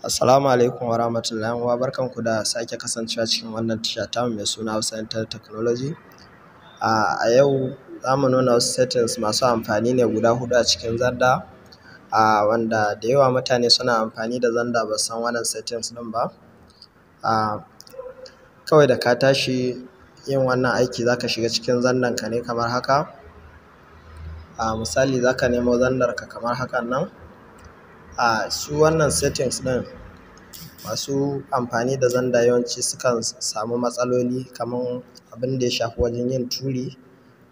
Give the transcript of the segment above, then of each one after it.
Assalamu alaikum wa rahmatullahi wa barkanku da sake kasancewa cikin wannan tasha ta mai suna Hausa Internet Technology. A yau za mu nuna wasu settings masu amfani ne guda hudu a cikin Zanda wanda da yawa mutane suna amfani da Zanda ba san wannan settings din ba. Kawai da ka tashi yin wannan aiki zaka shiga cikin Zandan ka ne kamar haka. Misali zaka nemo Zandar ka kamar hakan nan. a su wannan settings ɗin masu amfani da zanda yawanci sukan samu matsaloli kamar abin da ya shafi wajen yin turi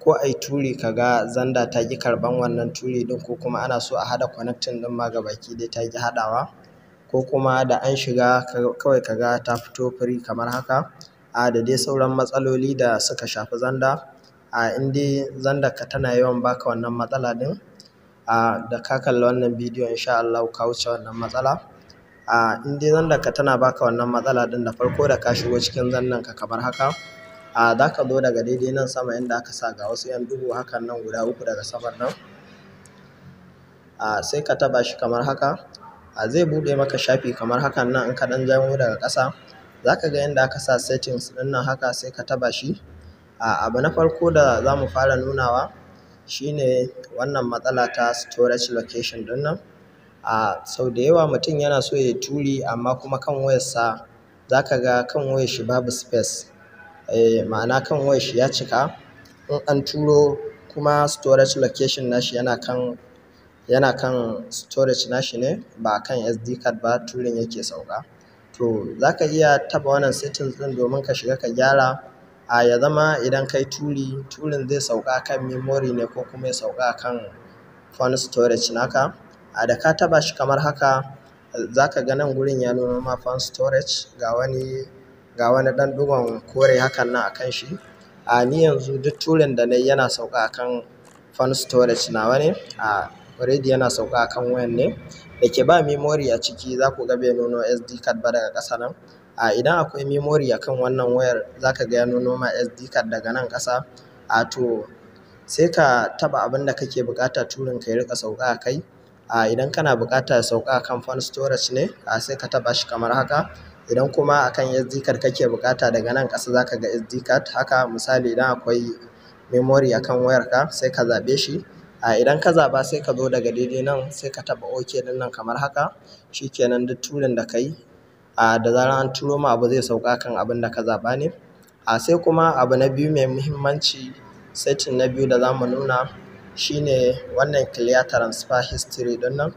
ko ai turi ka ga zanda ta ƙi karɓan wannan turi ɗin ko kuma ana so a haɗa connecting ɗin ma baki ɗaya ta ƙi haɗawa ko kuma da an shiga kawai ka ga ta fito free kamar haka a da dai sauran matsaloli da suka shafi zanda a in dai ka tana yawan baka wannan matsala ɗin a da ka kalli wannan bidiyo insha Allah ka wuce wannan matsala a in dai zan ka tana baka wannan matsala din da farko da ka shigo cikin zannan ka kamar haka a za ka zo daga daidai nan sama inda aka sa ga wasu yan dubu hakan nan guda uku daga saman nan a sai ka taba shi kamar haka a zai buɗe maka shafi kamar hakan nan in ka janyo daga ƙasa za ka ga yadda aka sa settings ɗin nan haka sai ka taba shi abu na farko da za mu fara nunawa Shi ne wannan matsala ta storage location don nan. A sau da yawa mutum yana so ya turi amma kuma kan wayarsa za ka ga kan wayar shi babu space. Eh, ma'ana kan wayar shi ya cika. In an turo kuma storage location nashi yana kan, yana kan storage nashi ne ba kan SD card ba turin yake sauka. To za ka iya taɓa wannan settings ɗin domin ka shiga ka gyara. a ya zama idan kai turi turin zai sauka kan memory ne ko kuma ya sauka kan phone storage naka a da ka taba shi kamar haka za ka ga nan gurin ya nuna ma phone storage ga wani ga wani ɗan ɗigon kore hakan nan akan shi a ni yanzu duk turin da nayi yana sauka kan phone storage nawa ne a already yana sauka akan wayan ne da ke ba memory a ciki za ku ga bai nuno sd card ba daga ƙasa nan a idan akwai memory akan wannan wayar za ka gano noma SD card daga nan ƙasa a to sai ka taɓa abin da kake bukata turin ka yi rika sauka a kai a idan kana bukata ya sauka a kan fan storage ne a sai ka taɓa shi kamar haka idan kuma akan SD card kake bukata daga nan ƙasa ka ga SD card haka misali idan akwai memory akan ka, sai ka zaɓe shi a idan ka zaɓa sai ka zo daga daidai nan sai ka taba OK din nan kamar haka shi kenan duk turin da ka yi a da zarar an turo ma abu zai sauka kan abin da ka zaɓa ne. A sai kuma abu na biyu mai muhimmanci, setin na biyu da za mu nuna shine wannan clear transfer history nan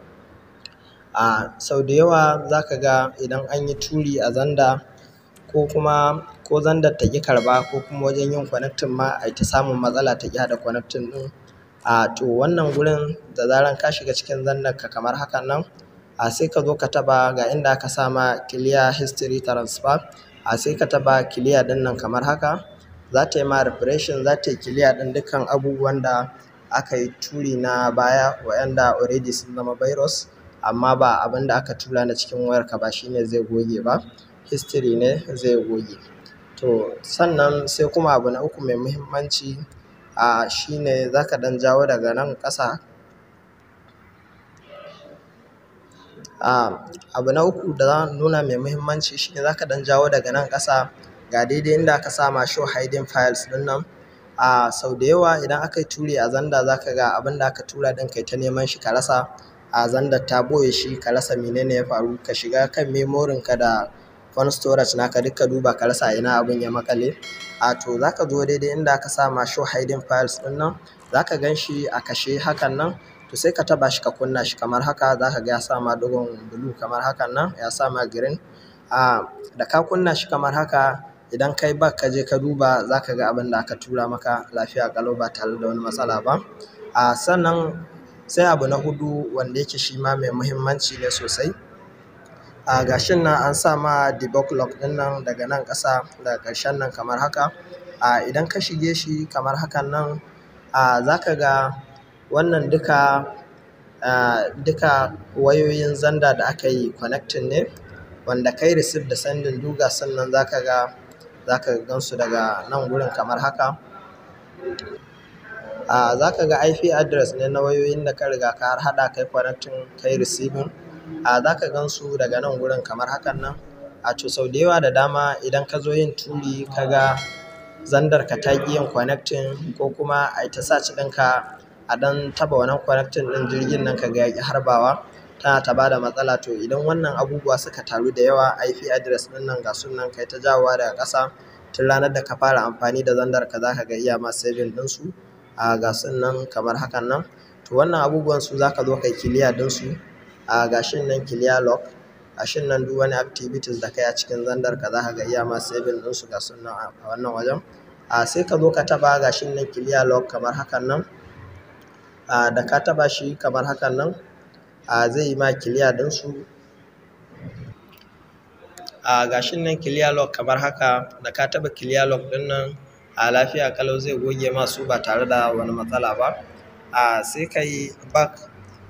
A sau da yawa za ka ga idan an yi turi a zanda ko kuma ko zandar ta ƙi karba ko kuma wajen yin connecting ma a ta samun matsala ta ƙi haɗa connecting ɗin. A to wannan gurin da zarar ka shiga cikin ka kamar hakan nan a ah, sai ka zo ka taba ga inda aka sama clear history transfer a ah, sai ka taba clear din nan kamar haka za ta yi ma refreshin za ta yi clear ɗin dukkan abubuwan da aka yi turi na baya waɗanda already sun zama virus amma ba abin da aka tura na cikin wayar ka ba shine zai goge ba history ne zai goge to sannan sai kuma abu na uku mai muhimmanci a ah, shine za ka jawo daga nan ƙasa Ah, abu na uku da za nuna mai muhimmanci shine zaka dan jawo daga nan ƙasa ga daidai inda aka sa show hiding files din nan a ah, sau da yawa idan aka yi turi a zanda zaka ga abin da aka tura din kai ta neman shi ka rasa a zandar ta boye shi ka rasa menene ya faru ka shiga kan memorin ka da phone storage naka duka duba ka rasa ina abin ya makale? a to ka zo daidai inda aka sa show hiding files din nan zaka gan shi a kashe hakan nan to sai ka taba shi ka kunna shi kamar haka za ka ga ya ma dogon bulu, kamar haka nan ya sama green a da ka kunna shi kamar haka idan kai ba ka je ka duba za ka ga abin da aka tura maka lafiya ƙalau ba tare da wani matsala ba a sannan sai abu na hudu wanda yake shi ma mai muhimmanci ne sosai a gashin nan an sa ma debug log din nan daga nan ƙasa daga ƙarshen nan kamar haka a idan ka shige shi kamar hakan nan a za ka ga Wannan duka, ah, duka wayoyin zanda da aka yi connecting ne wanda kai receive da sending duga sannan za ka ga, zaka gansu daga nan gurin kamar haka. Ah, za ka ga IP address ne na wayoyin da ka riga ka har haɗa kai connecting, kai receiving. Ah, za ka gansu daga nan gurin kamar hakan nan. A to sau da yawa da dama idan ka zo yin turi ka ga zandar ka ta ƙi yin connecting ko kuma ai ta search ɗinka a ɗan taɓa wannan connecting ɗin jirgin nan kaga yaƙi harbawa tana ta bada matsala to idan wannan abubuwa suka taru da yawa IP address ɗin nan ga sunan kai ta jawowa daga ƙasa tun ranar da ka fara amfani da zandar ka zaka ga iya ma saving ɗinsu a ga sunan kamar hakan nan to wannan abubuwan su zaka zo kai kiliya ɗinsu a gashin nan clear lock gashin nan duk wani activities da kai a cikin zandar ka zaka ga iya ma saving ɗinsu ga sunan a wannan wajen a sai ka zo ka taɓa gashin nan clear lock kamar hakan nan da ka taɓa shi kamar hakan nan zai yi ma kiliya ɗinsu a gashin nan kiliya lok kamar haka da ka taɓa kiliya lok ɗin nan a lafiya kalau zai goge masu ba tare da wani matsala ba a sai ka yi back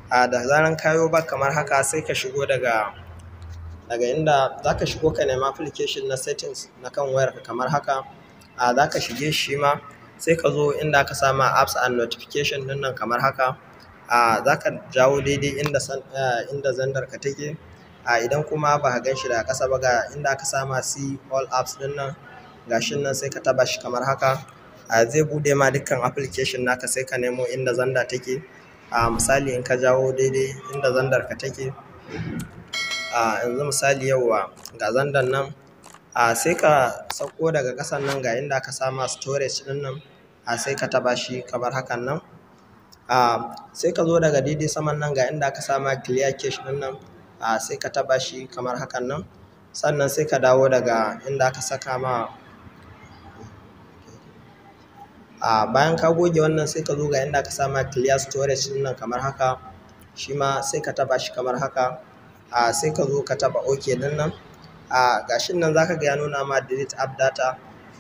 a da zaran kayo back kamar haka sai ka shigo daga daga inda za ka shigo ka nema application na settings na kan wayarka kamar haka a za ka shige shi ma sai ka zo inda ka sama apps and notification din nan kamar haka a za ka jawo daidai inda san inda zandar ka take a idan kuma ba ka gan shi daga ƙasa ba ga inda ka sama see all apps din nan gashin nan sai ka taba shi kamar haka a zai bude ma dukkan application naka sai ka nemo inda zanda take a misali in ka jawo daidai inda zandar ka take a yanzu misali yauwa ga zandar nan a sai ka sauko daga kasan nan ga inda ka sama storage din nan a sai ka taba shi kamar hakan nan a sai ka zo daga daidai saman nan ga inda aka sama clear cache din nan a sai ka taba shi kamar hakan nan sannan sai ka dawo daga inda aka saka ma a bayan ka goge wannan sai ka zo ga inda aka sama clear storage din nan kamar haka shi ma sai ka taba shi kamar haka a sai ka zo ka taba ok din nan a gashin nan zaka ga ya nuna ma delete app data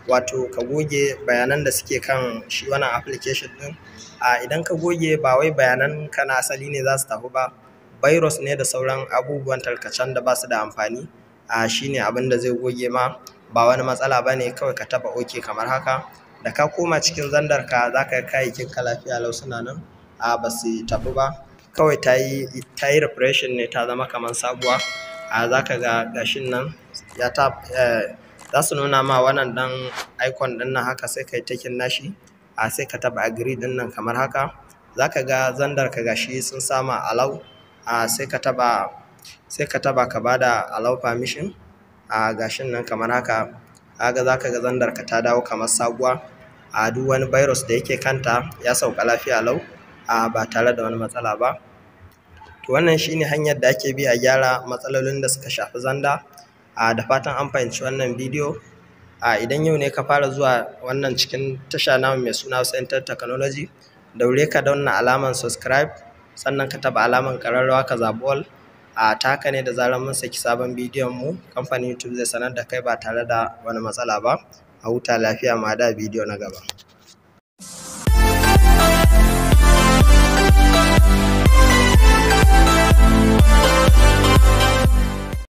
wato ka goge bayanan da suke kan shi wannan application ɗin a idan ka goge ba wai bayanan ka na asali ne za su tafi ba virus ne da sauran abubuwan tarkacen da ba su da amfani a shi ne abin da zai goge ma ba wani matsala ba ne kawai ka taba oke kamar haka da ka koma cikin zandar ka za ka kayayyakin ka lafiya lau suna nan a ba su tafi ba kawai ta yi ta yi refreshing ne ta zama kamar sabuwa a za ka ga gashin nan ya ta eh, za su nuna ma wannan dan icon ɗin nan haka sai kai yi takin nashi a sai ka taɓa agree ɗin nan kamar haka za ga zandar ka gashi sun sama allow a sai ka taba sai ka taɓa ka bada allow permission a gashin nan kamar haka kaga za ga zandar ka ta dawo kamar sabuwa a duk wani virus da yake kanta ya sauka lafiya lau a ba tare da wani matsala ba to wannan shine hanyar da ake bi a gyara matsalolin da suka shafi zanda a da fatan an fahimci wannan bidiyo a idan yau ne ka fara zuwa wannan cikin tasha namu mai suna center technology daure ka danna alaman subscribe sannan ka taba alaman kararrawa ka zaɓi wall a taka ne da zarar mun saki sabon bidiyon mu kamfanin youtube zai sanar da kai ba tare da wani matsala ba a huta lafiya ma da bidiyo na gaba